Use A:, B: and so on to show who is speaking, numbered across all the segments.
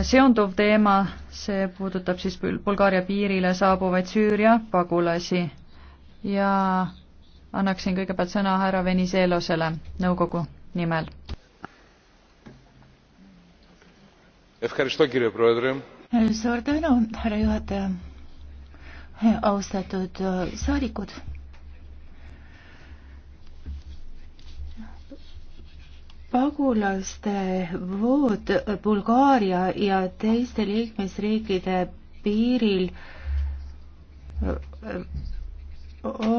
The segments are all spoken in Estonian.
A: seonduv teema, see puudutab siis Bulgaaria piirile saabuvaid Süüria pagulasi ja annaksin kõigepealt sõna härra Venizelosele nõukogu nimel.
B: suur tänu, härra juhataja. austatud äh, saadikud pagulaste vood Bulgaaria ja teiste liikmesriikide piiril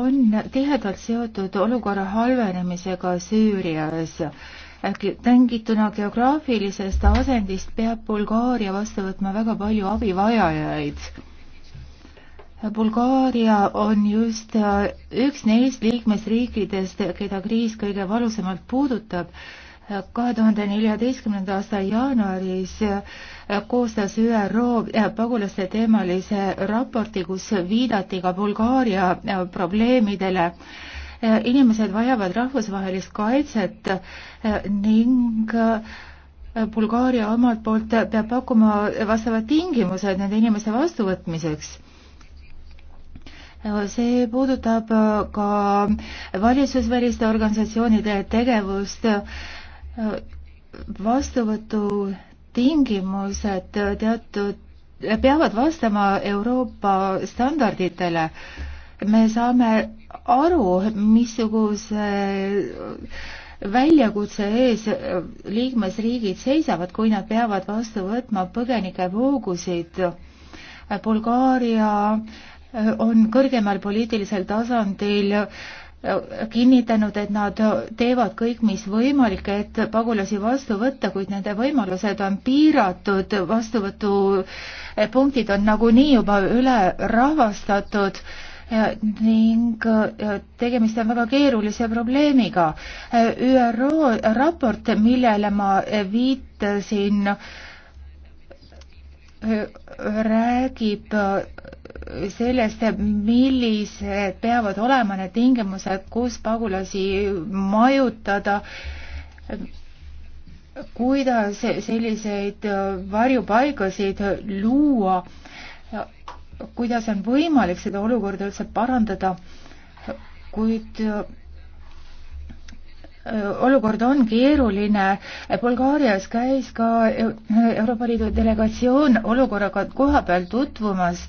B: on tihedalt seotud olukorra halvenemisega Süürias. Tängituna geograafilisest asendist peab Bulgaaria vastu võtma väga palju abivajajaid. Bulgaaria on just üks neist liikmesriikidest, keda kriis kõige valusamalt puudutab kahe tuhande neljateistkümnenda aasta jaanuaris koostas ÜRO pagulaste teemalise raporti, kus viidati ka Bulgaaria probleemidele. inimesed vajavad rahvusvahelist kaitset ning Bulgaaria omalt poolt peab pakkuma vastavad tingimused nende inimeste vastuvõtmiseks see puudutab ka valitsusväliste organisatsioonide tegevust vastuvõtu tingimused teatud, peavad vastama Euroopa standarditele. me saame aru, missuguse väljakutse ees liikmesriigid seisavad, kui nad peavad vastu võtma põgenikevoogusid. Bulgaaria on kõrgemal poliitilisel tasandil äh, kinnitanud, et nad teevad kõik, mis võimalik, et pagulasi vastu võtta, kuid nende võimalused on piiratud, vastuvõtupunktid on nagunii juba ülerahvastatud ning tegemist on väga keerulise probleemiga. ÜRO raport, millele ma viitasin, räägib sellest, millised peavad olema need tingimused, kus pagulasi majutada, kuidas selliseid varjupaigasid luua, kuidas on võimalik seda olukorda üldse parandada, kuid olukord on keeruline. Bulgaarias käis ka Euroopa Liidu delegatsioon olukorraga koha peal tutvumas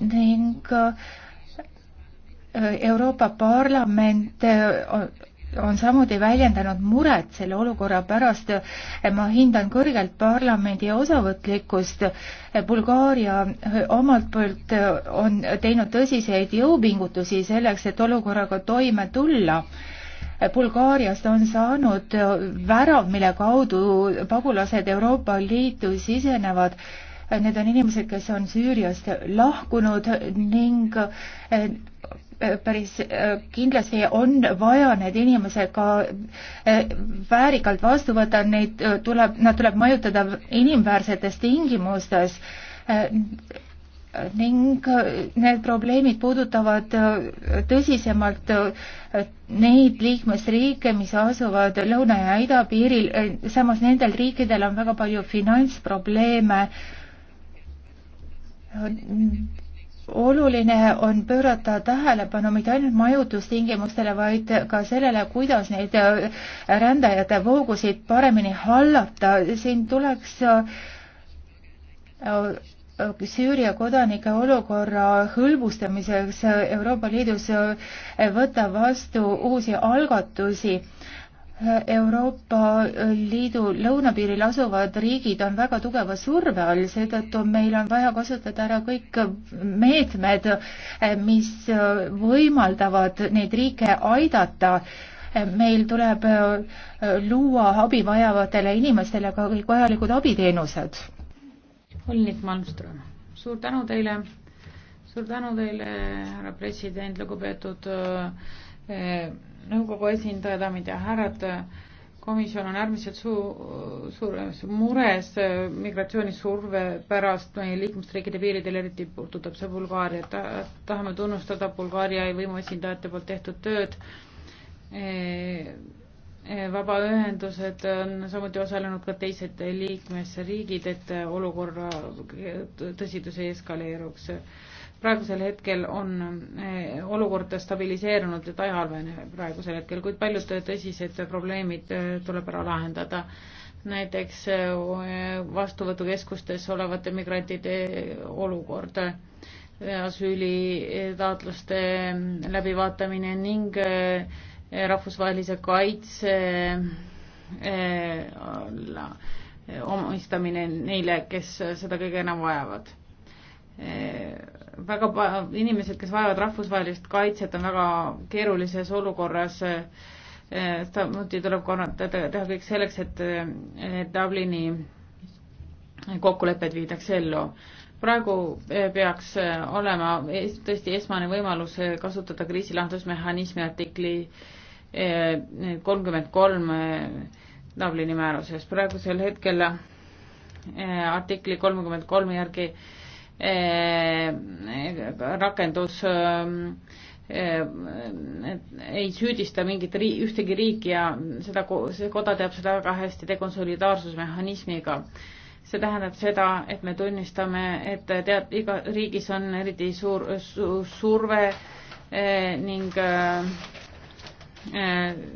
B: ning äh, Euroopa Parlament äh, on samuti väljendanud muret selle olukorra pärast. ma hindan kõrgelt parlamendi osavõtlikkust. Bulgaaria äh, omalt poolt on teinud tõsiseid jõupingutusi selleks, et olukorraga toime tulla. Bulgaariast on saanud värav, mille kaudu pagulased Euroopa Liitu sisenevad Need on inimesed, kes on Süüriast lahkunud ning eh, päris eh, kindlasti on vaja need inimesed ka eh, väärikalt vastu võtta, neid tuleb, nad tuleb majutada inimväärsetes tingimustes ning need probleemid puudutavad tõsisemalt neid liikmesriike, mis asuvad lõuna ja idapiiril, samas nendel riikidel on väga palju finantsprobleeme oluline on pöörata tähelepanu mitte ainult majutustingimustele, vaid ka sellele, kuidas neid äh, rändajate voogusid paremini hallata. siin tuleks äh, äh, Süüria kodanike olukorra hõlbustamiseks Euroopa Liidus võtta vastu uusi algatusi Euroopa Liidu lõunapiiril asuvad riigid on väga tugeva surve all, seetõttu meil on vaja kasutada ära kõik meetmed, mis võimaldavad neid riike aidata. meil tuleb luua abi vajavatele inimestele ka kõik vajalikud abiteenused. Olnik Malmström,
C: suur tänu teile suur tänu teile, härra president, lugupeetud eh, nõukogu esindajad, daamid ja härrad. komisjon on äärmiselt suur, suures mures eh, migratsioonisurve pärast meie liikmesriikide piiridel, eriti puudutab see Bulgaariat. tahame tunnustada Bulgaaria võimuesindajate poolt tehtud tööd eh, vabaühendused on samuti osalenud ka teised liikmesriigid, et olukorra tõsidus ei eskaleeruks praegusel hetkel on eh, olukord stabiliseerunud, et aja halveneb praegusel hetkel, kuid paljud tõsised probleemid eh, tuleb ära lahendada. näiteks eh, vastuvõtukeskustes olevate migrantide olukord, asüülitaotluste läbivaatamine ning rahvusvahelise kaitse omistamine neile, kes seda kõige enam vajavad väga inimesed, kes vajavad rahvusvahelist kaitset, on väga keerulises olukorras. Eh, samuti tuleb kannatada, teha kõik selleks, et Dublini kokkulepped viidakse ellu. praegu eh, peaks eh, olema tõesti esmane võimalus kasutada kriisilahendusmehhanismi artikli kolmkümmend kolm Dublini määruses. praegusel hetkel artikli kolmkümmend kolm järgi Äh, äh, rakendus ähm, äh, ei süüdista mingit ri-, ühtegi riiki ja seda, see koda teab seda väga hästi, tegu on solidaarsusmehhanismiga. see tähendab seda, et me tunnistame, et tead, iga riigis on eriti suur su, surve eh, ning eh,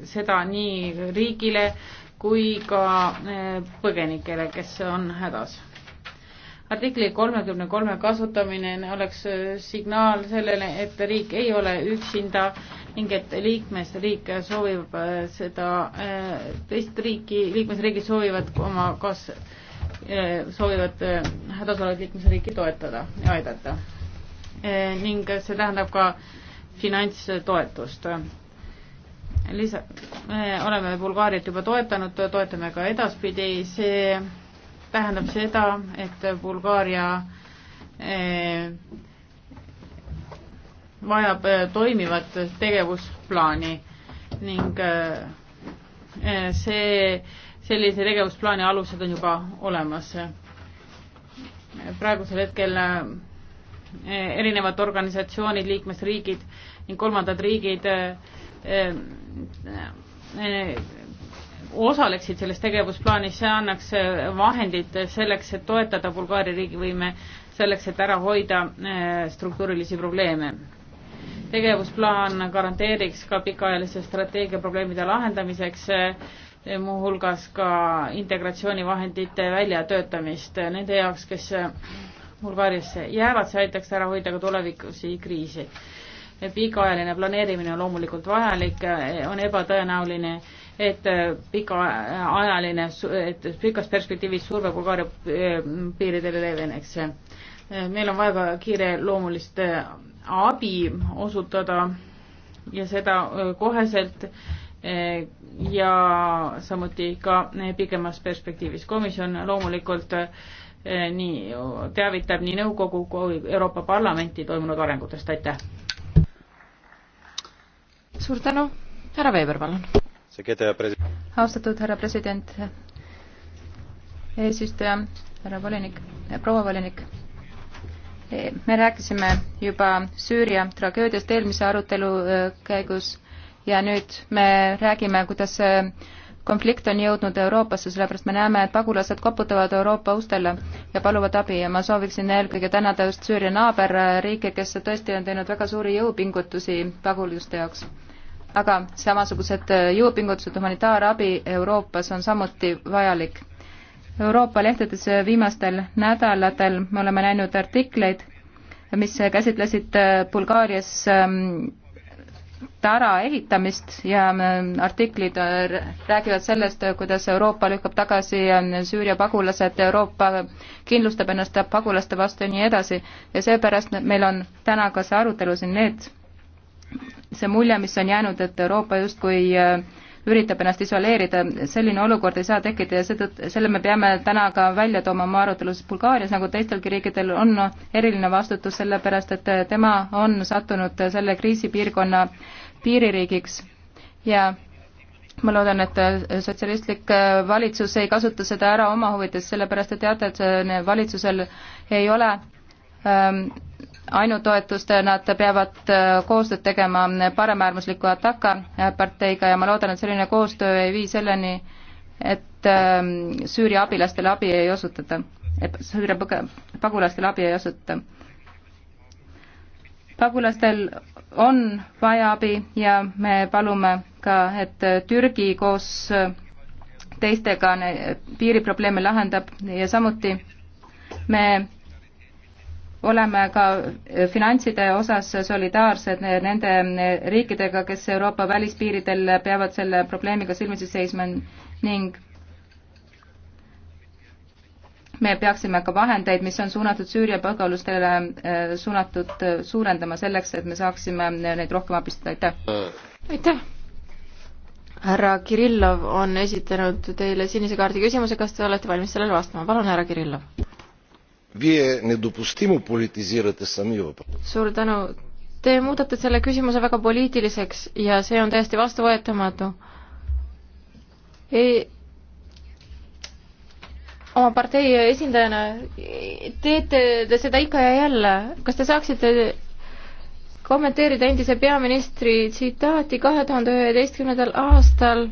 C: seda nii riigile kui ka eh, põgenikele, kes on hädas artikli kolmekümne kolme kasutamine oleks signaal sellele, et riik ei ole üksinda ning et liikmesriik soovib äh, seda, äh, teist riiki, liikmesriigid soovivad oma kas, äh, soovivad hädas olevat liikmesriiki toetada ja aidata. ning see tähendab ka finantstoetust. lisa, oleme Bulgaariat juba toetanud, toetame ka edaspidi, see tähendab seda, et Bulgaaria eh, vajab eh, toimivat tegevusplaani ning eh, see, sellise tegevusplaani alused on juba olemas. praegusel hetkel erinevad organisatsioonid, liikmesriigid ning kolmandad riigid osaleksid selles tegevusplaanis, see annaks äh, vahendid selleks, et toetada Bulgaaria riigivõime, selleks, et ära hoida äh, struktuurilisi probleeme. tegevusplaan garanteeriks ka pikaajalise strateegia probleemide lahendamiseks äh, muuhulgas ka integratsioonivahendite väljatöötamist nende jaoks, kes Bulgaariasse jäävad, see aitaks ära hoida ka tulevikusi kriise pikaajaline planeerimine on loomulikult vajalik, on ebatõenäoline, et äh, pikaajaline, et pikas perspektiivis surve Bulgaaria äh, piiridele leeveneks. Äh, meil on vaja ka kiireloomulist abi osutada ja seda koheselt ja samuti ka pikemas perspektiivis. komisjon loomulikult nii teavitab nii nõukogu kui Euroopa Parlamenti toimunud arengutest, aitäh!
A: suur tänu, härra Veeber, palun! austatud härra president, eesistuja, härra volinik, proua volinik. me rääkisime juba Süüria tragöödiast eelmise arutelu äh, käigus ja nüüd me räägime, kuidas see konflikt on jõudnud Euroopasse, sellepärast me näeme, et pagulased koputavad Euroopa ustele ja paluvad abi ja ma sooviksin eelkõige tänada just Süüria naaberriike, kes tõesti on teinud väga suuri jõupingutusi pagulaste jaoks aga samasugused äh, jõupingutused humanitaarabi Euroopas on samuti vajalik. Euroopa lehtedes äh, viimastel nädalatel me oleme näinud artikleid, mis käsitlesid äh, Bulgaarias ähm, tara ehitamist ja ähm, artiklid räägivad sellest, kuidas Euroopa lükkab tagasi ähm, Süüria pagulased, Euroopa kindlustab ennast pagulaste vastu ja nii edasi. ja seepärast meil on täna ka see arutelu siin, need see mulje, mis on jäänud, et Euroopa justkui äh, üritab ennast isoleerida, selline olukord ei saa tekkida ja seetõttu, selle me peame täna ka välja tooma oma arutelus Bulgaarias, nagu teistelgi riikidel on eriline vastutus, sellepärast et äh, tema on sattunud äh, selle kriisipiirkonna piiririigiks ja ma loodan, et sotsialistlik valitsus ei kasuta seda ära oma huvides, sellepärast et teate, et valitsusel ei ole ähm, ainutoetust, nad peavad äh, koostööd tegema paremäärmusliku Ataka äh, parteiga ja ma loodan, et selline koostöö ei vii selleni, et ähm, Süüria abilastele abi ei osutata, et Süüria pagulastele abi ei osutata. pagulastel on vaja abi ja me palume ka, et äh, Türgi koos teistega piiriprobleeme lahendab ja samuti me oleme ka finantside osas solidaarsed nende riikidega, kes Euroopa välispiiridel peavad selle probleemiga silmitsi seisma ning me peaksime ka vahendeid, mis on suunatud Süüria põgalustele, eh, suunatud eh, suurendama selleks, et me saaksime neid rohkem abistada, aitäh! aitäh! härra Kirillov on esitanud teile sinise kaardi küsimuse, kas te olete valmis sellele
D: vastama, palun, härra Kirillov! Вие недопустимо политизирате сами въпрос. Suur tänu. Te muudate selle küsimuse väga poliitiliseks ja see on täiesti vastuvõetamatu. Ei, oma partei esindajana teete te seda ikka ja jälle. kas te saaksite kommenteerida endise peaministri tsitaati kahe tuhande üheteistkümnendal aastal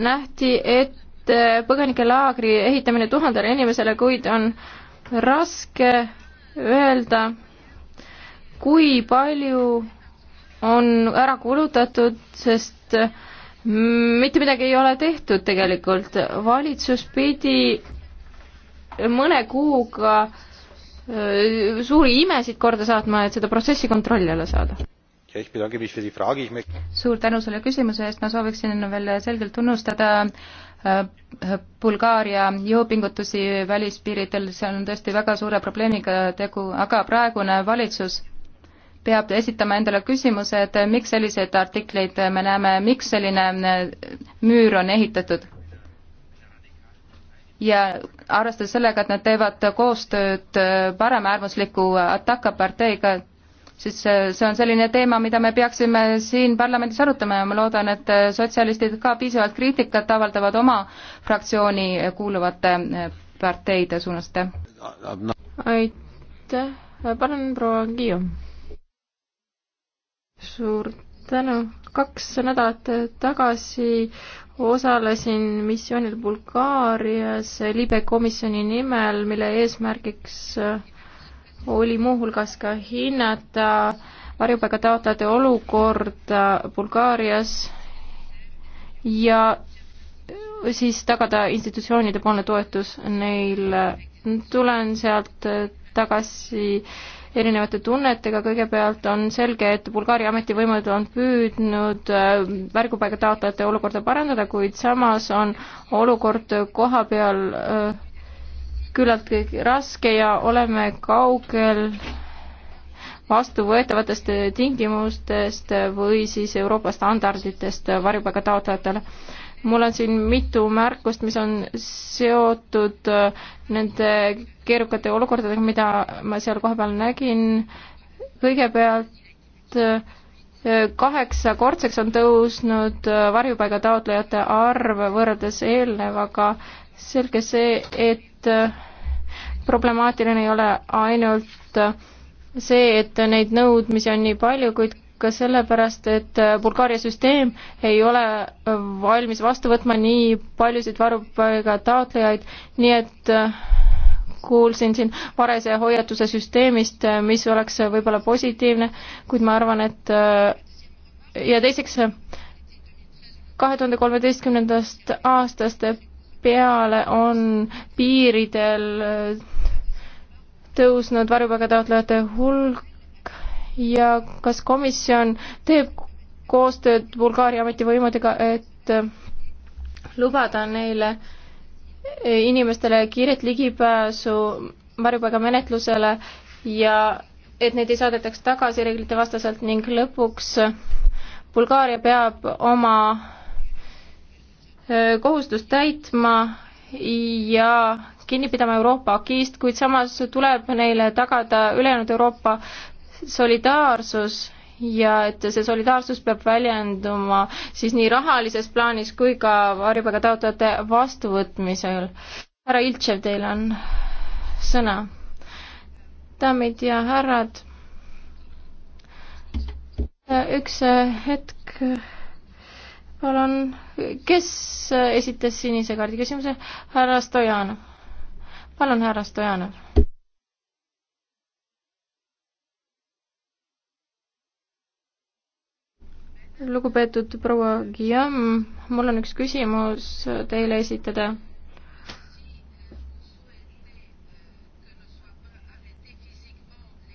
D: nähti ette Äh, põgenikelaagri ehitamine tuhandele inimesele, kuid on raske öelda, kui palju on ära kulutatud, sest äh, mitte midagi ei ole tehtud tegelikult. valitsus pidi mõne kuuga äh, suuri imesid korda
A: saatma, et seda protsessi kontrolli alla saada. suur tänu selle küsimuse eest, ma sooviksin veel selgelt tunnustada Äh, Bulgaaria jõupingutusi välispiiridel, see on tõesti väga suure probleemiga tegu, aga praegune valitsus peab esitama endale küsimuse, et miks selliseid artikleid me näeme, miks selline äh, müür on ehitatud. ja arvestades sellega, et nad teevad koostööd äh, paremäärmusliku Ataka parteiga, siis äh, see on selline teema, mida me peaksime siin parlamendis arutama ja ma loodan, et äh, sotsialistid ka piisavalt kriitikat avaldavad oma fraktsiooni äh, kuuluvate parteide suunas. aitäh, palun proua
D: Guillaume. suur tänu, kaks nädalat tagasi osalesin missioonil Bulgaarias libekomisjoni nimel, mille eesmärgiks oli muuhulgas ka hinnata varjupaiga taotlejate olukorda Bulgaarias ja siis tagada institutsioonide poolne toetus neile. tulen sealt tagasi erinevate tunnetega, kõigepealt on selge, et Bulgaaria ametivõimud on püüdnud äh, varjupaiga taotlejate olukorda parandada, kuid samas on olukord koha peal äh, küllaltki raske ja oleme kaugel vastuvõetavatest tingimustest või siis Euroopa standarditest varjupaiga taotlejatele. mul on siin mitu märkust, mis on seotud nende keerukate olukordadega, mida ma seal kohapeal nägin. kõigepealt kaheksakordseks on tõusnud varjupaiga taotlejate arv võrreldes eelnevaga. selge see, et problemaatiline ei ole ainult see, et neid nõudmisi on nii palju, kuid ka sellepärast, et Bulgaaria süsteem ei ole valmis vastu võtma nii paljusid varupaiga taotlejaid, nii et äh, kuulsin siin varese hoiatuse süsteemist, äh, mis oleks võib-olla positiivne, kuid ma arvan, et äh, ja teiseks, kahe tuhande kolmeteistkümnendast aastast peale on piiridel tõusnud varjupaigataotlejate hulk ja kas komisjon teeb koostööd Bulgaaria ametivõimudega, et äh, lubada neile äh, inimestele kiiret ligipääsu varjupaigamenetlusele ja et neid ei saadetaks tagasi reeglite vastaselt ning lõpuks äh, Bulgaaria peab oma kohustust täitma ja kinni pidama Euroopa akiist, kuid samas tuleb neile tagada ülejäänud Euroopa solidaarsus ja et see solidaarsus peab väljenduma siis nii rahalises plaanis kui ka varjupaiga taotlejate vastuvõtmisel. härra Iltšev, teil on sõna. daamid ja härrad, üks hetk, palun, kes esitas sinise kaardi küsimuse? härra Stojanov palun, härra Stojanov. lugupeetud proua Guillaume, mul on üks küsimus teile esitada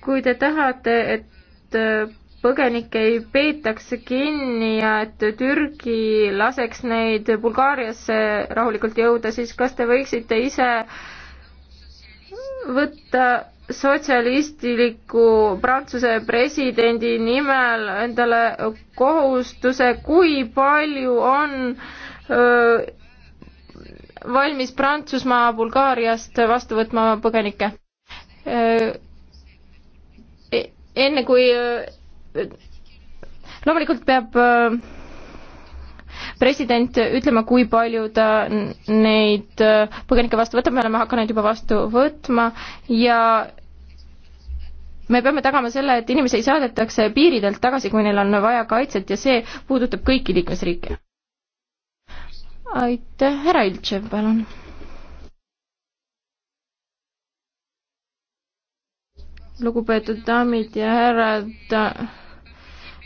D: kui te tahate, et põgenikke ei peetaks kinni ja et Türgi laseks neid Bulgaariasse rahulikult jõuda, siis kas te võiksite ise võtta sotsialistliku Prantsuse presidendi nimel endale kohustuse, kui palju on öö, valmis Prantsusmaa Bulgaariast vastu võtma põgenikke. E, enne kui öö, loomulikult peab öö, president ütlema, kui palju ta äh, neid äh, põgenikke vastu võtab, me oleme hakanud juba vastu võtma ja me peame tagama selle, et inimesi ei saadetakse piiridelt tagasi, kui neil on vaja kaitset ja see puudutab kõiki liikmesriike. aitäh, härra Iltšev, palun. lugupeetud daamid ja härrad,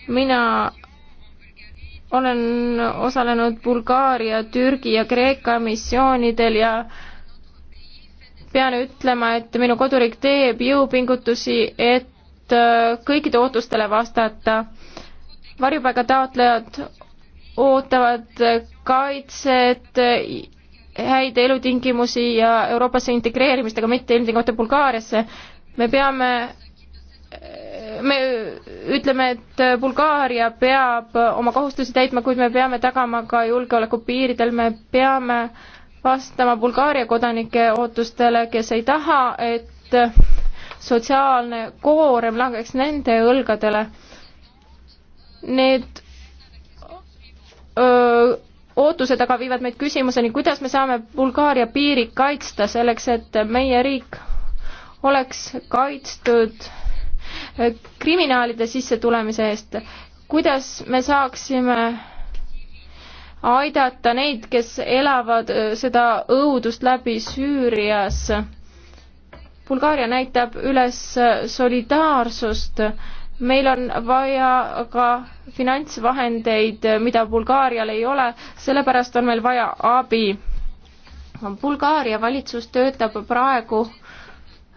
D: mina olen osalenud Bulgaaria, Türgi ja Kreeka missioonidel ja pean ütlema, et minu koduriik teeb jõupingutusi, et äh, kõikide ootustele vastata. varjupaiga taotlejad ootavad kaitset, häid elutingimusi ja Euroopasse integreerimist, aga mitte ilmtingimata Bulgaariasse. me peame me ütleme, et Bulgaaria peab oma kohustusi täitma, kuid me peame tagama ka julgeoleku piiridel, me peame vastama Bulgaaria kodanike ootustele, kes ei taha, et sotsiaalne koorem langeks nende õlgadele. Need öö, ootused aga viivad meid küsimuseni, kuidas me saame Bulgaaria piiri kaitsta selleks, et meie riik oleks kaitstud Äh, kriminaalide sissetulemise eest. kuidas me saaksime aidata neid, kes elavad äh, seda õudust läbi Süürias? Bulgaaria näitab üles äh, solidaarsust meil on vaja ka finantsvahendeid, mida Bulgaarial ei ole, sellepärast on meil vaja abi. Bulgaaria valitsus töötab praegu äh,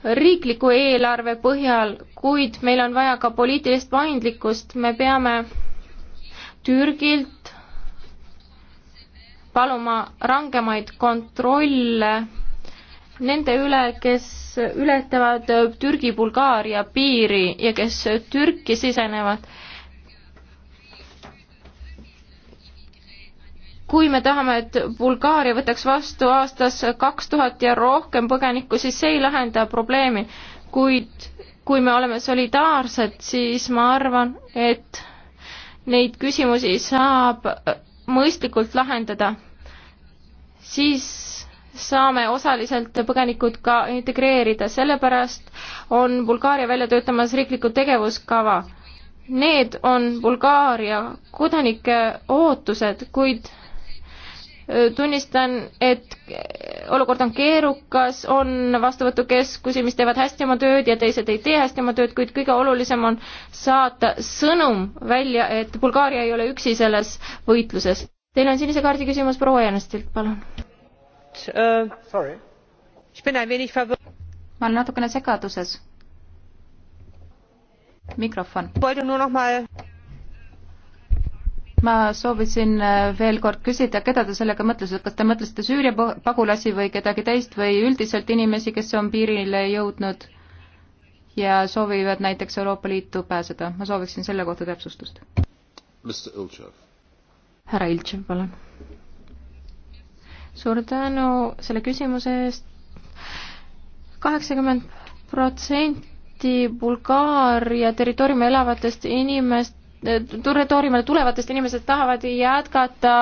D: riikliku eelarve põhjal, kuid meil on vaja ka poliitilist paindlikkust, me peame Türgilt paluma rangemaid kontrolle nende üle, kes ületavad Türgi-Bulgaaria piiri ja kes Türki sisenevad kui me tahame, et Bulgaaria võtaks vastu aastas kaks tuhat ja rohkem põgenikku, siis see ei lahenda probleemi. kuid kui me oleme solidaarsed, siis ma arvan, et neid küsimusi saab mõistlikult lahendada. siis saame osaliselt põgenikud ka integreerida, sellepärast on Bulgaaria välja töötamas riiklikku tegevuskava. Need on Bulgaaria kodanike ootused, kuid tunnistan, et olukord on keerukas, on vastuvõtukeskusi, mis teevad hästi oma tööd ja teised ei tee hästi oma tööd, kuid kõige olulisem on saata sõnum välja, et Bulgaaria ei ole üksi selles võitluses. Teil on sinise kaardi küsimus proua Jänestilt, palun
A: uh,. ma olen natukene segaduses. mikrofon ma soovisin äh, veel kord küsida, keda te sellega mõtlesite, kas te mõtlesite Süüria pagulasi või kedagi teist või üldiselt inimesi, kes on piirile jõudnud ja soovivad näiteks Euroopa Liitu pääseda, ma sooviksin selle kohta täpsustust. härra Iltšev, palun. suur
D: tänu
A: selle küsimuse eest.
D: kaheksakümmend protsenti Bulgaaria territooriumil elavatest inimest territooriumile tulevatest inimesed tahavad jätkata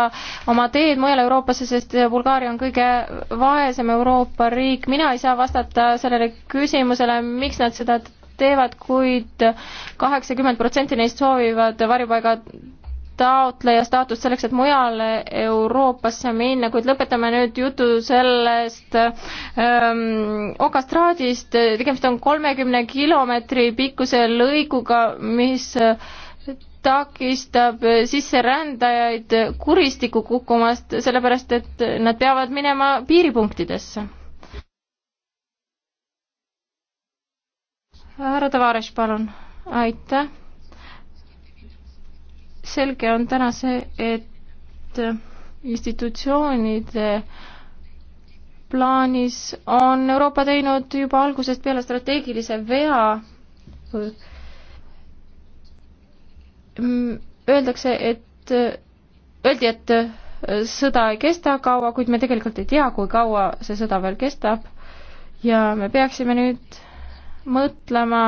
D: oma teed mujal Euroopasse, sest Bulgaaria on kõige vaesem Euroopa riik. mina ei saa vastata sellele küsimusele, miks nad seda teevad kuid, kuid kaheksakümmend protsenti neist soovivad varjupaiga taotleja staatust selleks, et mujale Euroopasse minna, kuid lõpetame nüüd jutu sellest ähm, okastraadist, tegemist on kolmekümne kilomeetri pikkuse lõiguga, mis äh, takistab sisserändajaid kuristikku kukkumast, sellepärast et nad peavad minema piiripunktidesse. härra Tavares, palun. aitäh. selge on täna see, et institutsioonide plaanis on Euroopa teinud juba algusest peale strateegilise vea Mm, öeldakse, et, öeldi, et äh, sõda ei kesta kaua, kuid me tegelikult ei tea, kui kaua see sõda veel kestab ja me peaksime nüüd mõtlema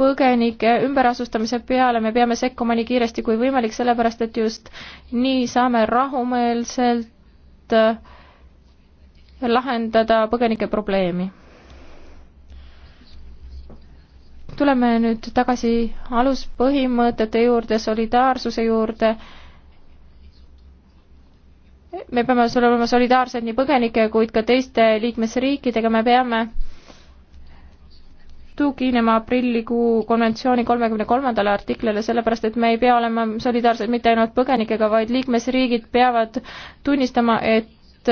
D: põgenike ümberasustamise peale, me peame sekkuma nii kiiresti kui võimalik, sellepärast et just nii saame rahumeelselt äh, lahendada põgenike probleemi tuleme nüüd tagasi aluspõhimõtete juurde, solidaarsuse juurde. me peame olema solidaarsed nii põgenike kuid ka teiste liikmesriikidega, me peame tuginema aprillikuu konventsiooni kolmekümne kolmandale artiklile, sellepärast et me ei pea olema solidaarsed mitte ainult põgenikega, vaid liikmesriigid peavad tunnistama, et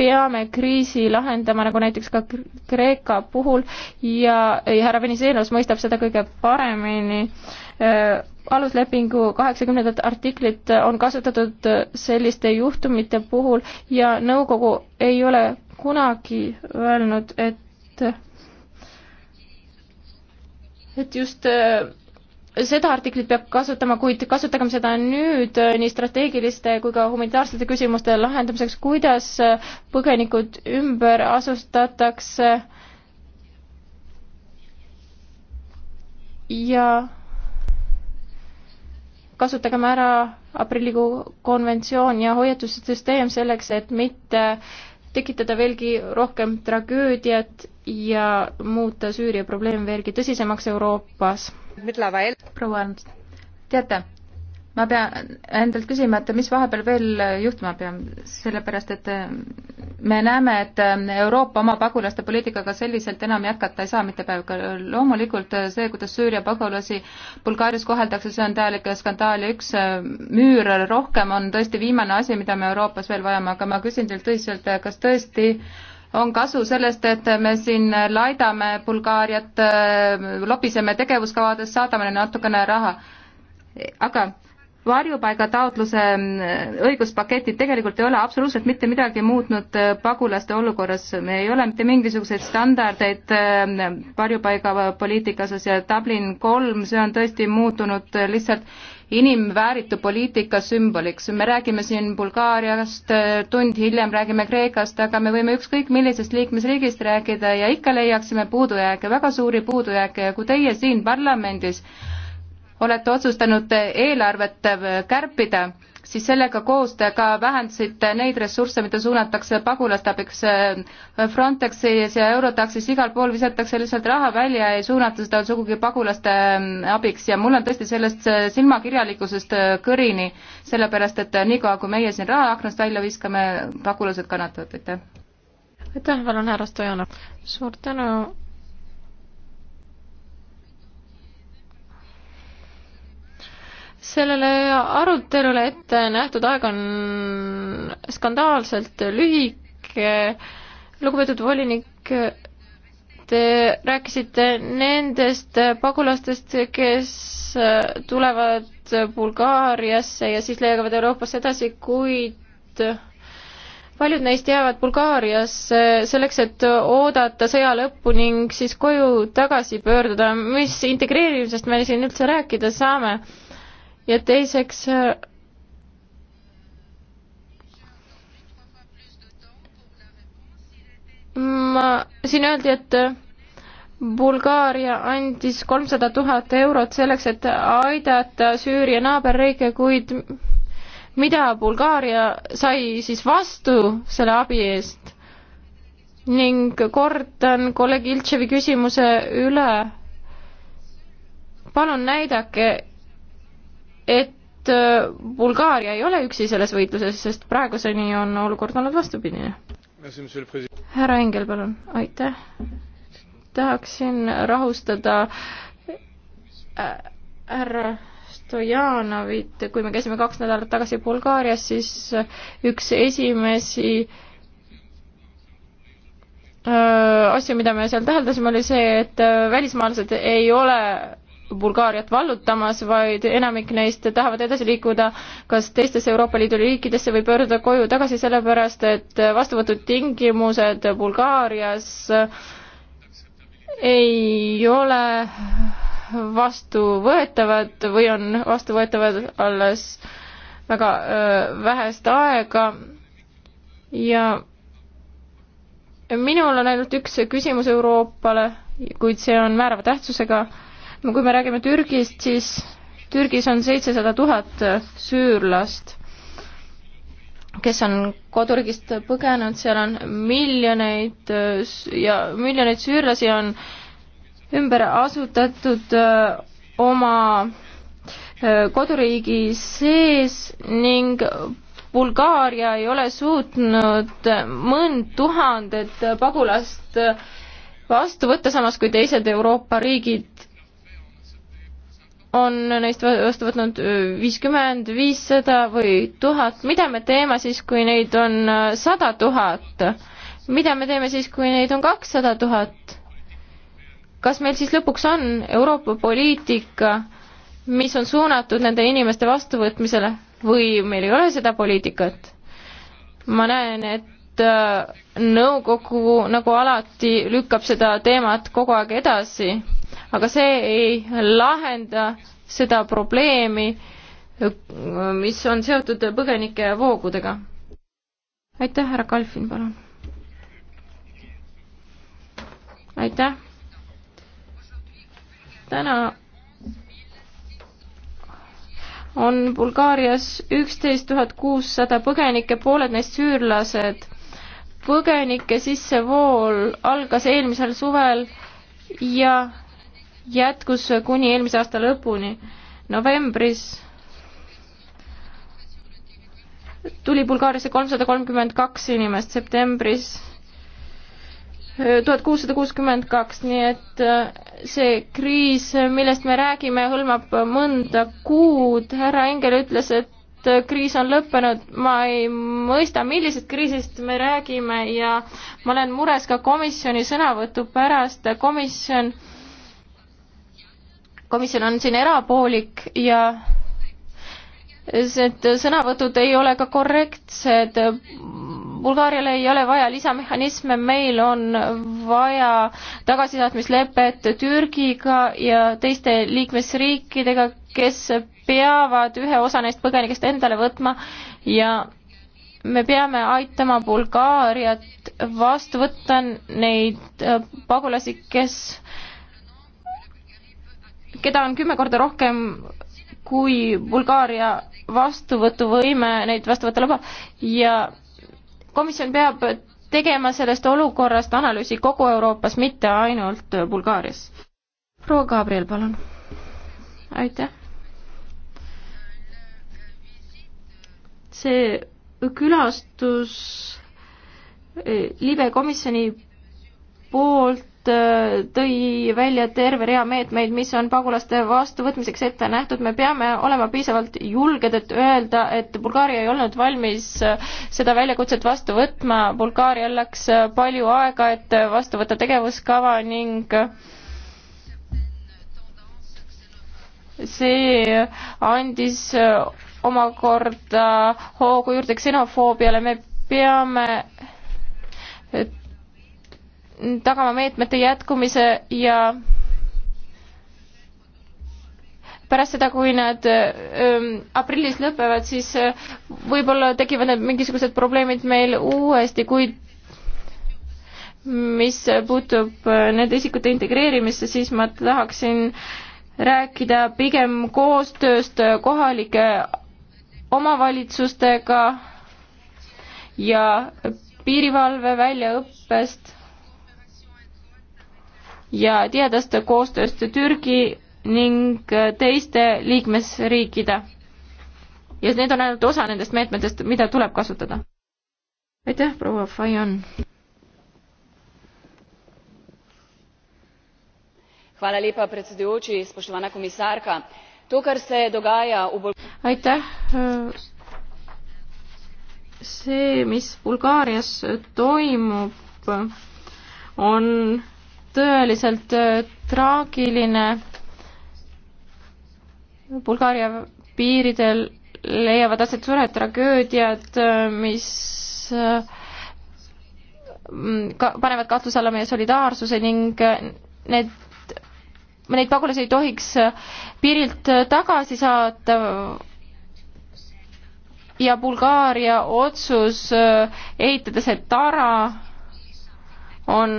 D: peame kriisi lahendama, nagu näiteks ka Kreeka puhul ja, ja härra Venizelos mõistab seda kõige paremini äh,, aluslepingu kaheksakümnendat artiklit on kasutatud äh, selliste juhtumite puhul ja nõukogu ei ole kunagi öelnud, et et just äh, seda artiklit peab kasutama, kuid kasutagem seda nüüd äh, nii strateegiliste kui ka humanitaarsete küsimuste lahendamiseks, kuidas äh, põgenikud ümber asustatakse ja kasutagem ära aprillikuu konventsioon ja hoiatussüsteem selleks, et mitte tekitada veelgi rohkem tragöödiat ja muuta Süüria probleem veelgi tõsisemaks Euroopas
A: proua Ernst, teate, ma pean endalt küsima, et mis vahepeal veel juhtuma peab, sellepärast et mm, me näeme, et mm, Euroopa oma pagulaste poliitikaga selliselt enam jätkata ei saa mitte päevaga. loomulikult mm, see, kuidas Süüria pagulasi Bulgaarias koheldakse, see on täielik skandaal ja üks müür rohkem on tõesti viimane asi, mida me Euroopas veel vajame, aga ma küsin teilt tõsiselt, kas tõesti äh, on kasu sellest, et me siin laidame Bulgaariat, äh, lobiseme tegevuskavades, saadame neile natukene raha. aga varjupaigataotluse äh, õiguspaketid tegelikult ei ole absoluutselt mitte midagi muutnud äh, pagulaste olukorras, me ei ole mitte mingisuguseid standardeid varjupaigapoliitika osas ja Dublin kolm, see on tõesti muutunud lihtsalt inimvääritu poliitika sümboliks. me räägime siin Bulgaariast, äh, tund hiljem räägime Kreekast, aga me võime ükskõik millisest liikmesriigist rääkida ja ikka leiaksime puudujääke, väga suuri puudujääke ja kui teie siin parlamendis olete otsustanud eelarvet äh, kärpida, siis sellega koos te ka vähendasite neid ressursse, mida suunatakse pagulaste abiks Frontexis ja Eurotaxis, igal pool visatakse lihtsalt raha välja, ei suunata seda sugugi pagulaste mm, abiks ja mul on tõesti sellest silmakirjalikkusest äh, kõrini, sellepärast et äh, niikaua, kui meie siin raha aknast välja viskame, pagulased kannatavad, aitäh. aitäh, palun härra Stojanov.
D: suur tänu, sellele arutelule ette nähtud aeg on skandaalselt lühike. lugupeetud volinik, te rääkisite nendest pagulastest, kes tulevad Bulgaariasse ja siis leiavad Euroopasse edasi, kuid paljud neist jäävad Bulgaariasse selleks, et oodata sõja lõppu ning siis koju tagasi pöörduda. mis integreerimisest me siin üldse rääkida saame? ja teiseks ma, siin öeldi, et Bulgaaria andis kolmsada tuhat eurot selleks, et aidata Süüria naaberriike, kuid mida Bulgaaria sai siis vastu selle abi eest? ning kordan kolleeg Iltševi küsimuse üle. palun näidake et äh, Bulgaaria ei ole üksi selles võitluses, sest praeguseni on olukord olnud vastupidine. härra Engel, palun, aitäh. tahaksin rahustada äh, härra Stojanovit, kui me käisime kaks nädalat tagasi Bulgaarias, siis äh, üks esimesi asju, mida me seal täheldasime, oli see, et välismaalased ei ole Bulgaariat vallutamas, vaid enamik neist tahavad edasi liikuda kas teistesse Euroopa Liidu riikidesse või pöörduda koju tagasi, sellepärast et vastuvõtud tingimused Bulgaarias ei ole vastuvõetavad või on vastuvõetavad alles väga öö, äh, vähest aega ja minul on ainult üks küsimus Euroopale, kuid see on määrava tähtsusega kui me räägime Türgist, siis Türgis on seitsesada tuhat süürlast, kes on koduriigist põgenenud, seal on miljoneid ja miljoneid süürlasi on ümber asutatud äh, oma äh, koduriigi sees ning Bulgaaria ei ole suutnud mõnd tuhandet pagulast äh, vastu võtta, samas kui teised Euroopa riigid on neist vastu võtnud viiskümmend, viissada või tuhat, mida me teeme siis, kui neid on sada tuhat? mida me teeme siis, kui neid on kakssada tuhat? kas meil siis lõpuks on Euroopa poliitika, mis on suunatud nende inimeste vastuvõtmisele või meil ei ole seda poliitikat? ma näen, et nõukogu nagu alati lükkab seda teemat kogu aeg edasi aga see ei lahenda seda probleemi, mis on seotud põgenike voogudega. aitäh, härra Kalfin, palun. aitäh. täna on Bulgaarias üksteist tuhat kuussada põgenikke, pooled neist süürlased. põgenike sissevool algas eelmisel suvel ja jätkus kuni eelmise aasta lõpuni. novembris tuli Bulgaariasse kolmsada kolmkümmend kaks inimest, septembris tuhat kuussada kuuskümmend kaks, nii et äh, see kriis, millest me räägime, hõlmab mõnda kuud. härra Engel ütles, et äh, kriis on lõppenud, ma ei mõista, millisest kriisist me räägime ja ma olen mures ka komisjoni sõnavõtu pärast. komisjon äh, komisjon on siin erapoolik ja need sõnavõtud ei ole ka korrektsed. Bulgaariale ei ole vaja lisamehhanisme, meil on vaja tagasisaatmislepet Türgiga ja teiste liikmesriikidega, kes peavad ühe osa neist põgenikest endale võtma ja me peame aitama Bulgaariat vastu võtta neid pagulasi, kes keda on kümme korda rohkem kui Bulgaaria vastuvõtuvõime neid vastuvõtta lubab ja komisjon peab tegema sellest olukorrast analüüsi kogu Euroopas, mitte ainult Bulgaarias. proua Gabriel, palun. aitäh. see külastus eh, libe komisjoni poolt Äh, tõi välja terve rea meetmeid, mis on pagulaste vastuvõtmiseks ette nähtud, me peame olema piisavalt julged, et öelda, et Bulgaaria ei olnud valmis äh, seda väljakutset vastu võtma, Bulgaarial läks äh, palju aega, et vastu võtta tegevuskava ning see andis omakorda hoogu juurde ksenofoobiale, me peame et tagama meetmete jätkumise ja pärast seda, kui nad ähm, aprillis lõpevad, siis äh, võib-olla tekivad need mingisugused probleemid meil uuesti, kuid mis puutub äh, nende isikute integreerimisse, siis ma tahaksin rääkida pigem koostööst kohalike omavalitsustega ja piirivalve väljaõppest ja tihedast koostööst Türgi ning teiste liikmesriikide. ja need on ainult osa nendest meetmetest, mida tuleb kasutada. aitäh, proua Fajon. hvala lepa predsedujoči spoštovana komisarka to kar se dogaja v Bul aitäh see mis bulgaarias toimub on tõeliselt äh, traagiline. Bulgaaria piiridel leiavad aset suured tragöödiad, äh, mis äh, ka-, panevad kahtluse alla meie solidaarsuse ning need, neid pagulasi ei tohiks piirilt tagasi saata ja Bulgaaria otsus ehitada see tara on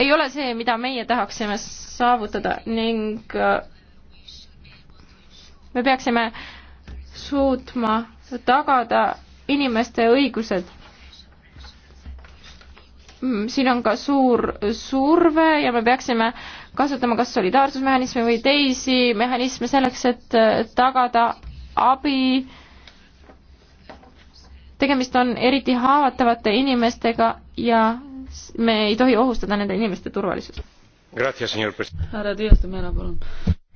D: ei ole see, mida meie tahaksime saavutada ning äh, me peaksime suutma tagada inimeste õigused. Mm, siin on ka suur surve ja me peaksime kasutama kas solidaarsusmehhanisme või teisi mehhanisme selleks, et äh, tagada abi. tegemist on eriti haavatavate inimestega ja
E: me ei tohi ohustada nende inimeste turvalisust. härra Dias de Mera, palun.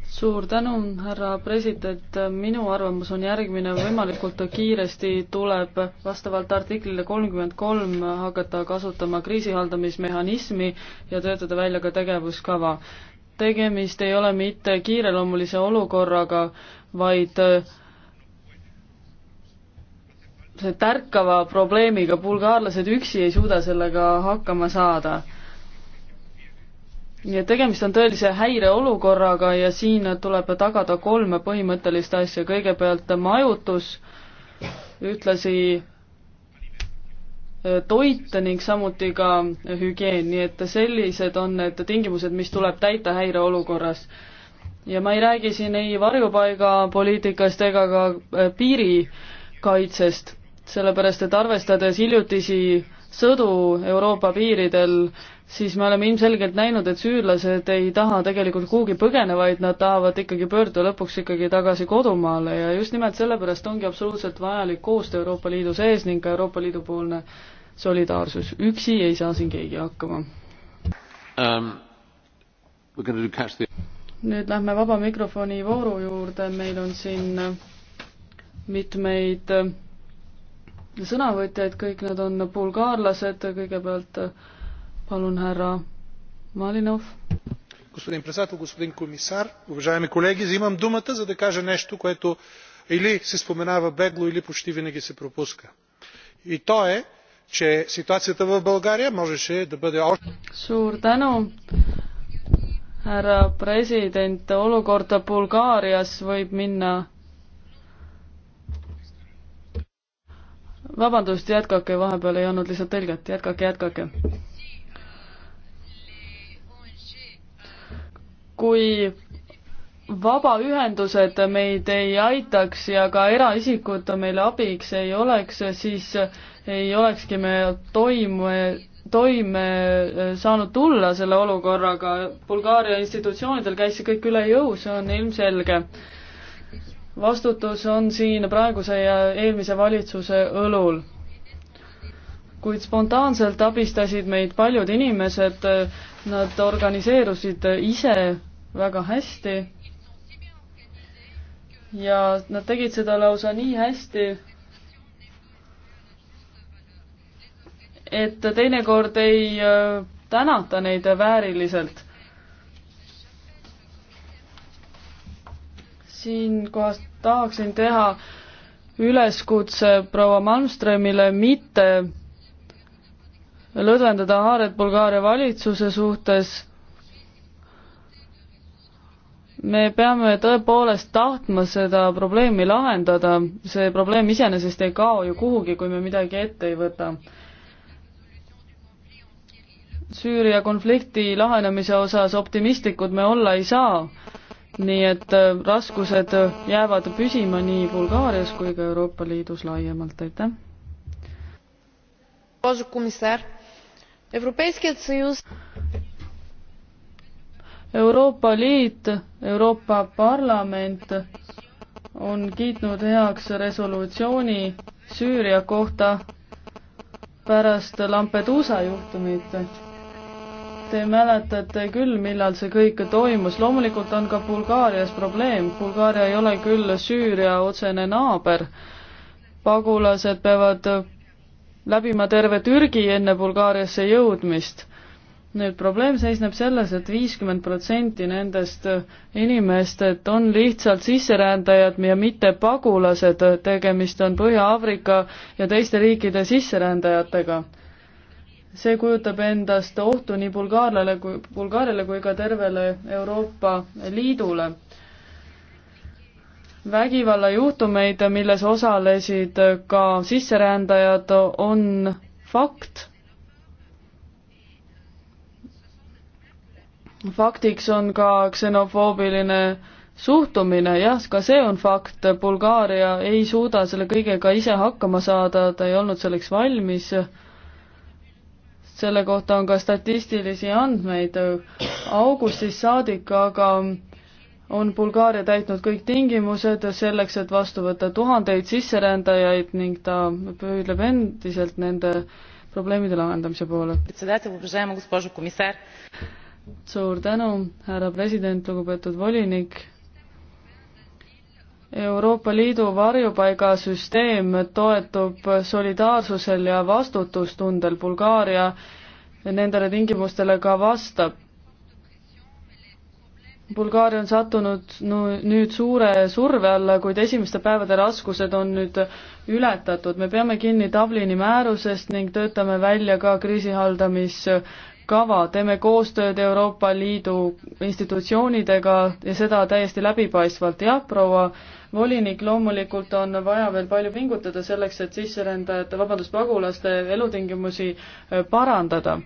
E: suur tänu, härra president, minu arvamus on järgmine, võimalikult kiiresti tuleb vastavalt artiklile kolmkümmend kolm hakata kasutama kriisihaldamismehhanismi ja töötada välja ka tegevuskava. tegemist ei ole mitte kiireloomulise olukorraga, vaid äh, see tärkava probleemiga, bulgaarlased üksi ei suuda sellega hakkama saada. nii et tegemist on tõelise häireolukorraga ja siin tuleb tagada kolme põhimõttelist asja, kõigepealt majutus, ühtlasi e, toit ning samuti ka hügieen, nii et sellised on need tingimused, mis tuleb täita häireolukorras. ja ma ei räägi siin ei varjupaigapoliitikast ega ka e, piirikaitsest sellepärast et arvestades hiljutisi sõdu Euroopa piiridel, siis me oleme ilmselgelt näinud, et süürlased ei taha tegelikult kuhugi põgene, vaid nad tahavad ikkagi pöörduda lõpuks ikkagi tagasi kodumaale ja just nimelt sellepärast ongi absoluutselt vajalik koostöö Euroopa Liidu sees ning ka Euroopa Liidu poolne solidaarsus. üksi ei saa siin keegi hakkama
C: um,. The...
E: nüüd lähme vaba mikrofoni vooru juurde, meil on siin mitmeid sõnavõtjaid, kõik nad on bulgaarlased, kõigepealt palun härra Malinov.
A: господин председател, господин комисар, уважаеми колеги, взимам думата, за да кажа нещо, което или се споменава бегло, или почти винаги се пропуска. И то е, че ситуацията в България можеше да бъде още...
E: Suur tänu, härra president, olukord Bulgaarias võib minna vabandust, jätkake, vahepeal ei olnud lihtsalt tõlget, jätkake, jätkake. kui vabaühendused meid ei aitaks ja ka eraisikud meile abiks ei oleks, siis ei olekski me toime, toime saanud tulla selle olukorraga. Bulgaaria institutsioonidel käis see kõik üle jõu, see on ilmselge vastutus on siin praeguse ja eelmise valitsuse õlul. kuid spontaanselt abistasid meid paljud inimesed, nad organiseerusid ise väga hästi ja nad tegid seda lausa nii hästi, et teinekord ei äh, tänata neid vääriliselt siinkohas tahaksin teha üleskutse proua Malmströmile mitte lõdvendada haaret Bulgaaria valitsuse suhtes. me peame tõepoolest tahtma seda probleemi lahendada, see probleem iseenesest ei kao ju kuhugi, kui me midagi ette ei võta. Süüria konflikti lahenemise osas optimistlikud me olla ei saa nii et äh, raskused äh, jäävad püsima nii Bulgaarias kui ka Euroopa Liidus laiemalt, aitäh. Euroopa Liit, Euroopa Parlament on kiitnud heaks resolutsiooni Süüria kohta pärast Lampedusa juhtumit te mäletate küll, millal see kõik toimus. loomulikult on ka Bulgaarias probleem. Bulgaaria ei ole küll Süüria otsene naaber. pagulased peavad läbima terve Türgi enne Bulgaariasse jõudmist. nüüd probleem seisneb selles et, et viiskümmend protsenti nendest inimestest on lihtsalt sisserändajad ja mitte pagulased. tegemist on Põhja-Aafrika ja teiste riikide sisserändajatega see kujutab endast ohtu nii Bulgaariale kui, Bulgaariale kui ka tervele Euroopa Liidule. vägivallajuhtumeid, milles osalesid ka sisserändajad, on fakt. faktiks on ka ksenofoobiline suhtumine, jah, ka see on fakt, Bulgaaria ei suuda selle kõigega ise hakkama saada, ta ei olnud selleks valmis selle kohta on ka statistilisi andmeid. augustist saadik aga on Bulgaaria täitnud kõik tingimused selleks, et vastu võtta tuhandeid sisserändajaid ning ta püüdleb endiselt nende probleemide lahendamise poole. suur tänu, härra president, lugupeetud volinik Euroopa Liidu varjupaigasüsteem toetub solidaarsusel ja vastutustundel, Bulgaaria nendele tingimustele ka vastab. Bulgaaria on sattunud nüüd suure surve alla, kuid esimeste päevade raskused on nüüd ületatud. me peame kinni Dublini määrusest ning töötame välja ka kriisihaldamiskava. teeme koostööd Euroopa Liidu institutsioonidega ja seda täiesti läbipaistvalt. jah, proua volinik, loomulikult on vaja veel palju pingutada selleks, et sisserändajate, vabandust, pagulaste elutingimusi äh, parandada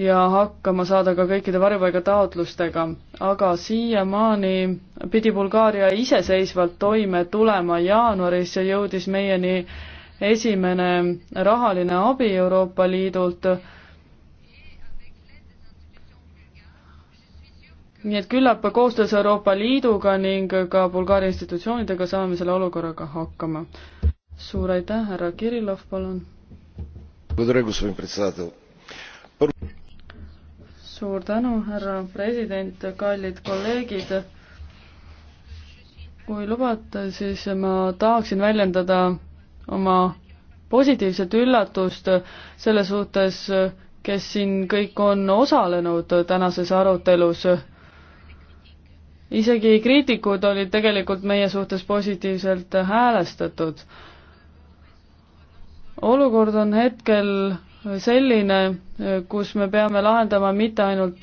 E: ja hakkama saada ka kõikide varjupaigataotlustega. aga siiamaani pidi Bulgaaria iseseisvalt toime tulema, jaanuaris jõudis meieni esimene rahaline abi Euroopa Liidult nii et küllap koostöös Euroopa Liiduga ning ka Bulgaaria institutsioonidega saame selle olukorraga hakkama. suur aitäh, härra Kirillov, palun. suur tänu, härra president, kallid kolleegid. kui lubate, siis ma tahaksin väljendada oma positiivset üllatust selle suhtes, kes siin kõik on osalenud tänases arutelus isegi kriitikud olid tegelikult meie suhtes positiivselt häälestatud. olukord on hetkel selline, kus me peame lahendama mitte ainult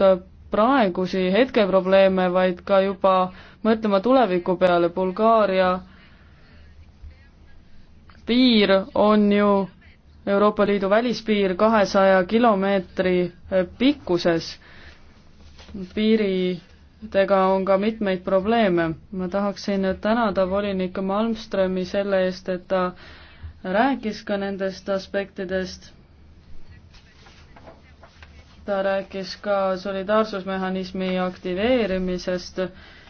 E: praegusi hetkeprobleeme, vaid ka juba mõtlema tuleviku peale, Bulgaaria piir on ju Euroopa Liidu välispiir kahesaja kilomeetri pikkuses, piiri tega on ka mitmeid probleeme. ma tahaksin tänada volinik Malmströmi selle eest, et ta rääkis ka nendest aspektidest. ta rääkis ka solidaarsusmehhanismi aktiveerimisest,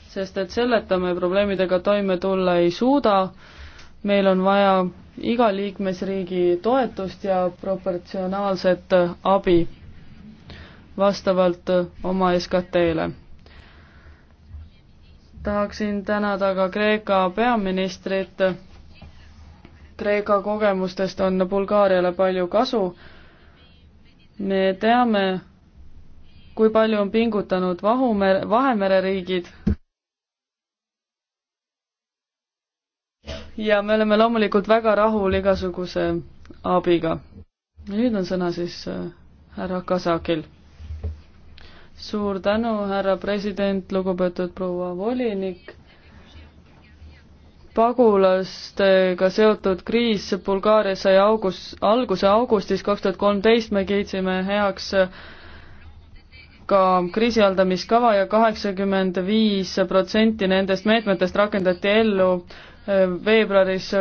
E: sest et selleta me probleemidega toime tulla ei suuda. meil on vaja iga liikmesriigi toetust ja proportsionaalset abi vastavalt oma SKT-le tahaksin tänada ka Kreeka peaministrit. Kreeka kogemustest on Bulgaariale palju kasu. me teame, kui palju on pingutanud Vahumere, Vahemere riigid. ja me oleme loomulikult väga rahul igasuguse abiga. nüüd on sõna siis äh, härra Kasakil suur tänu, härra president, lugupeetud proua volinik. pagulastega seotud kriis Bulgaarias sai augus, alguse augustis kaks tuhat kolmteist, me kiitsime heaks ka kriisihaldamiskava ja kaheksakümmend viis protsenti nendest meetmetest rakendati ellu veebruaris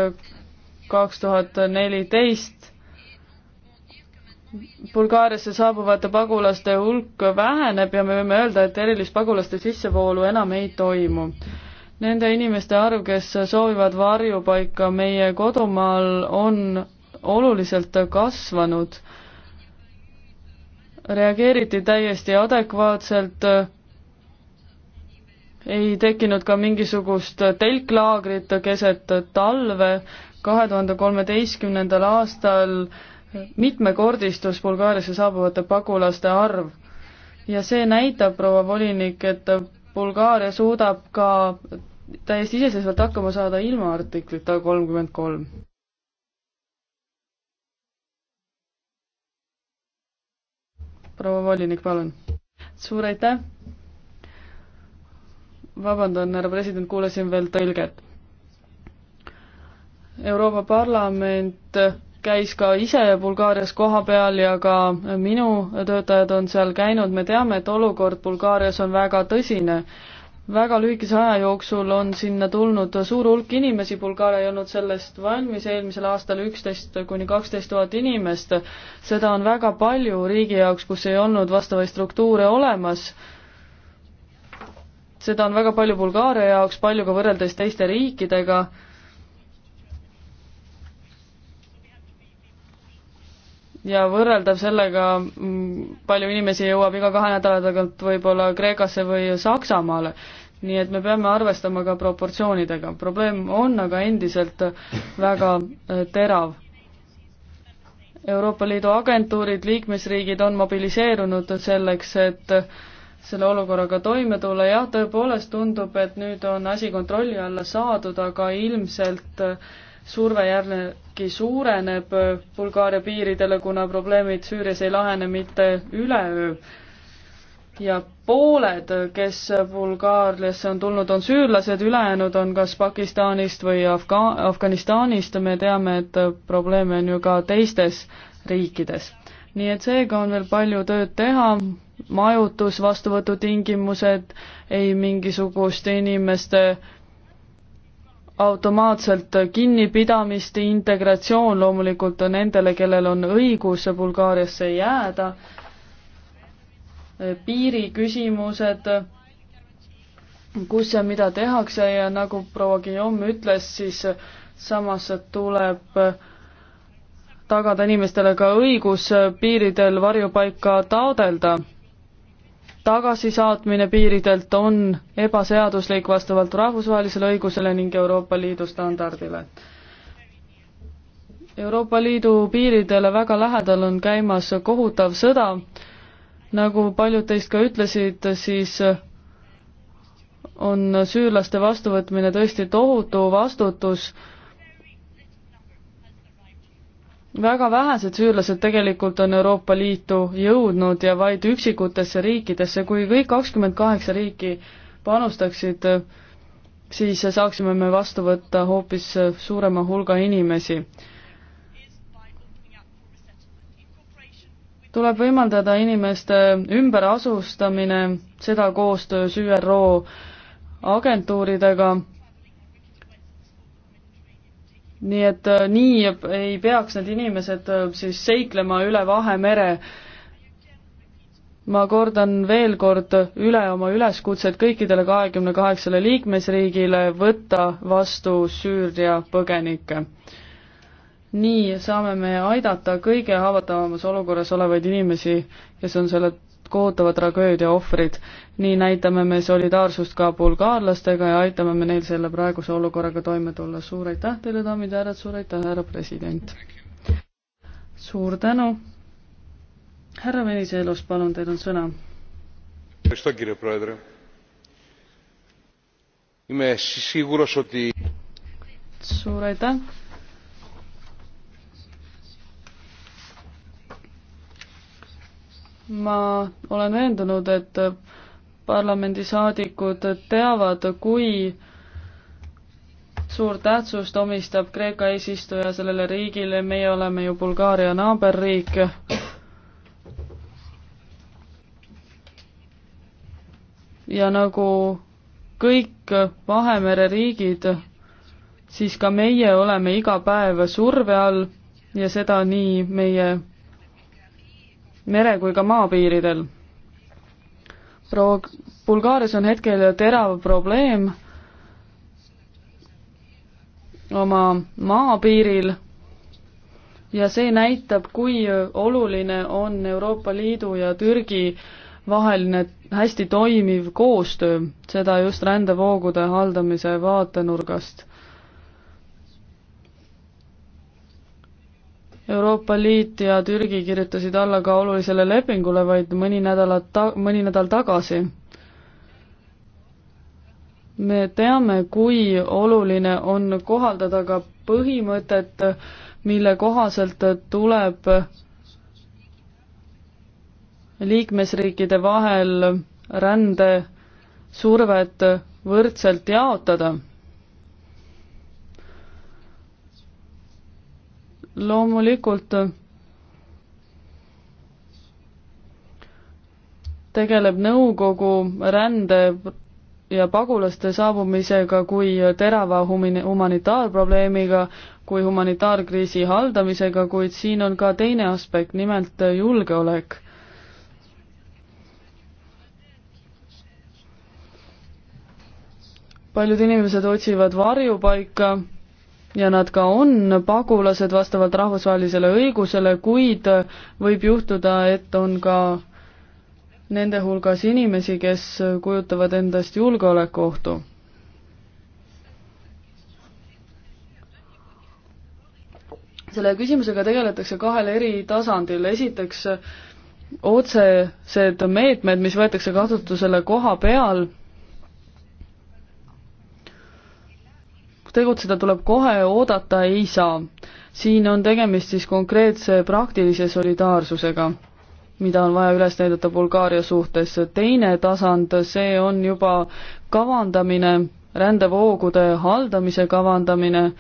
E: kaks tuhat neliteist Bulgaariasse saabuvate pagulaste hulk väheneb ja me võime öelda, et erilist pagulaste sissevoolu enam ei toimu. Nende inimeste arv, kes soovivad varjupaika meie kodumaal, on oluliselt kasvanud. reageeriti täiesti adekvaatselt, ei tekkinud ka mingisugust telklaagrit keset talve, kahe tuhande kolmeteistkümnendal aastal äh, mitmekordistus Bulgaariasse saabuvate pagulaste arv. ja see näitab, proua volinik, et Bulgaaria suudab ka täiesti iseseisvalt hakkama saada ilma artiklita kolmkümmend kolm. proua volinik, palun. suur aitäh. vabandan, härra president, kuulasin veel tõlget. Euroopa Parlament käis ka ise Bulgaarias kohapeal ja ka minu töötajad on seal käinud, me teame, et olukord Bulgaarias on väga tõsine. väga lühikese aja jooksul on sinna tulnud suur hulk inimesi, Bulgaaria ei olnud sellest valmis, eelmisel aastal üksteist kuni kaksteist tuhat inimest. seda on väga palju riigi jaoks, kus ei olnud vastavaid struktuure olemas seda on väga palju Bulgaaria jaoks, palju ka võrreldes teiste riikidega ja võrreldav sellega, mm, palju inimesi jõuab iga kahe nädala tagant võib-olla Kreekasse või Saksamaale. nii et me peame arvestama ka proportsioonidega. probleem on aga endiselt väga äh, terav Euroopa Liidu agentuurid, liikmesriigid on mobiliseerunud selleks, et selle olukorraga toime tulla, jah, tõepoolest tundub, et nüüd on asi kontrolli alla saadud, aga ilmselt äh, surve jällegi suureneb Bulgaaria piiridele, kuna probleemid Süürias ei lahene mitte üleöö. ja pooled, kes Bulgaariasse on tulnud, on süürlased, ülejäänud on kas Pakistanist või Afga-, Afganistanist, me teame, et probleeme on ju ka teistes riikides. nii et seega on veel palju tööd teha, majutus, vastuvõtutingimused, ei mingisugust inimeste äh, automaatselt kinnipidamist, integratsioon loomulikult nendele, kellel on õigus Bulgaariasse jääda, piiriküsimused, kus ja mida tehakse ja nagu proua Guillaume ütles, siis samas tuleb tagada inimestele ka õigus piiridel varjupaika taodelda tagasisaatmine piiridelt on ebaseaduslik vastavalt rahvusvahelisele õigusele ning Euroopa Liidu standardile. Euroopa Liidu piiridele väga lähedal on käimas kohutav sõda, nagu paljud teist ka ütlesid, siis on süürlaste vastuvõtmine tõesti tohutu vastutus väga vähesed süürlased tegelikult on Euroopa Liitu jõudnud ja vaid üksikutesse riikidesse, kui kõik kakskümmend kaheksa riiki panustaksid, siis saaksime me vastu võtta hoopis suurema hulga inimesi. tuleb võimaldada inimeste ümberasustamine, seda koostöös ÜRO agentuuridega nii et äh, nii ei peaks need inimesed äh, siis seiklema üle Vahemere. ma kordan veel kord üle oma üleskutsed kõikidele kahekümne kaheksale liikmesriigile võtta vastu Süüria põgenikke. nii saame me aidata kõige haavatavamas olukorras olevaid inimesi, kes on selle kohutava tragöödia ohvrid. nii näitame me solidaarsust ka bulgaarlastega ja aitame me neil selle praeguse olukorraga toime tulla. suur aitäh teile, daamid ja härrad, suur aitäh, härra president! suur tänu! härra Veniselos, palun, teil on sõna. suur aitäh! ma olen veendunud, et parlamendisaadikud teavad, kui suurt tähtsust omistab Kreeka eesistuja sellele riigile, meie oleme ju Bulgaaria naaberriik. ja nagu kõik Vahemere riigid, siis ka meie oleme iga päev surve all ja seda nii meie mere- kui ka maapiiridel. Pro-, Bulgaarias on hetkel terav probleem oma maapiiril ja see näitab, kui oluline on Euroopa Liidu ja Türgi vaheline hästi toimiv koostöö, seda just rändevoogude haldamise vaatenurgast Euroopa Liit ja Türgi kirjutasid alla ka olulisele lepingule vaid mõni nädalat ta-, mõni nädal tagasi. me teame, kui oluline on kohaldada ka põhimõtet, mille kohaselt tuleb liikmesriikide vahel rände survet võrdselt jaotada loomulikult tegeleb nõukogu rände ja pagulaste saabumisega kui terava humani-, humanitaarprobleemiga, kui humanitaarkriisi haldamisega, kuid siin on ka teine aspekt, nimelt julgeolek. paljud inimesed otsivad varjupaika ja nad ka on pagulased vastavalt rahvusvahelisele õigusele, kuid võib juhtuda, et on ka nende hulgas inimesi, kes kujutavad endast julgeolekuohtu. selle küsimusega tegeletakse kahel eri tasandil, esiteks otsesed meetmed, mis võetakse kasutusele koha peal tegutseda tuleb kohe, oodata ei saa. siin on tegemist siis konkreetse praktilise solidaarsusega, mida on vaja üles näidata Bulgaaria suhtes. teine tasand, see on juba kavandamine, rändevoogude haldamise kavandamine.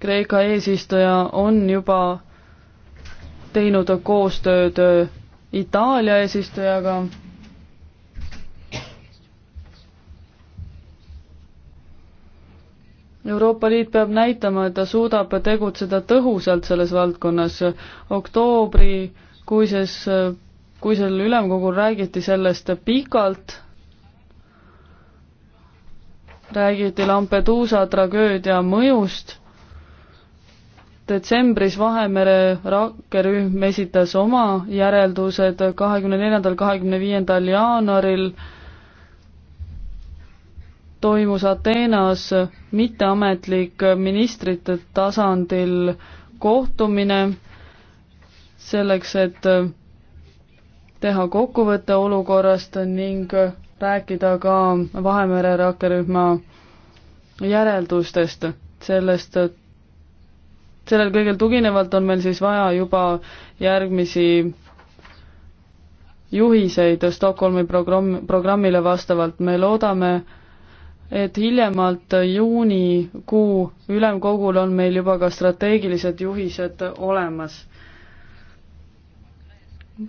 E: Kreeka eesistuja on juba teinud koostööd Itaalia eesistujaga Euroopa Liit peab näitama, et ta suudab tegutseda tõhusalt selles valdkonnas. oktoobrikuises, kui sel ülemkogul räägiti sellest pikalt, räägiti Lampeduusa tragöödia mõjust, detsembris Vahemere rakkerühm esitas oma järeldused kahekümne neljandal, kahekümne viiendal jaanuaril toimus Ateenas mitteametlik ministrite tasandil kohtumine selleks, et teha kokkuvõte olukorrast ning rääkida ka Vahemere rakkerühma järeldustest, sellest, sellel kõigel tuginevalt on meil siis vaja juba järgmisi juhiseid Stockholmi programm, programmile vastavalt, me loodame, et hiljemalt juunikuu ülemkogul on meil juba ka strateegilised juhised olemas.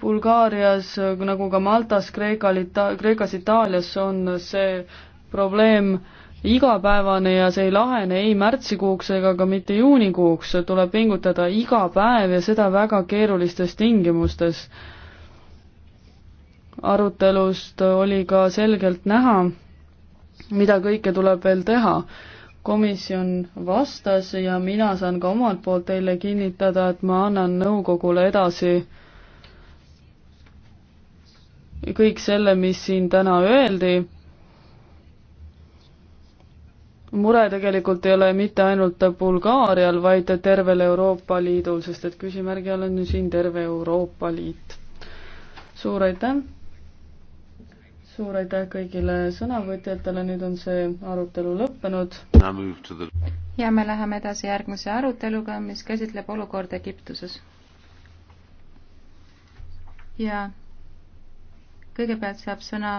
E: Bulgaarias nagu ka Maltas, Kreekal, Ita-, Kreekas, Itaalias on see probleem igapäevane ja see ei lahene ei märtsikuuks ega ka mitte juunikuuks, tuleb pingutada iga päev ja seda väga keerulistes tingimustes. arutelust oli ka selgelt näha mida kõike tuleb veel teha. komisjon vastas ja mina saan ka omalt poolt teile kinnitada, et ma annan nõukogule edasi kõik selle, mis siin täna öeldi mure tegelikult ei ole mitte ainult Bulgaarial, vaid tervel Euroopa Liidul, sest et küsimärgi all on ju siin terve Euroopa Liit. suur aitäh! suur aitäh kõigile sõnavõtjatele, nüüd on see arutelu lõppenud.
A: ja me läheme edasi järgmise aruteluga, mis käsitleb olukorda Egiptuses. ja kõigepealt saab sõna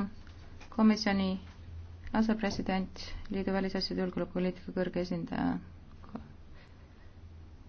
A: komisjoni asepresident, liidu välisasjade julgeolekupoliitika kõrge esindaja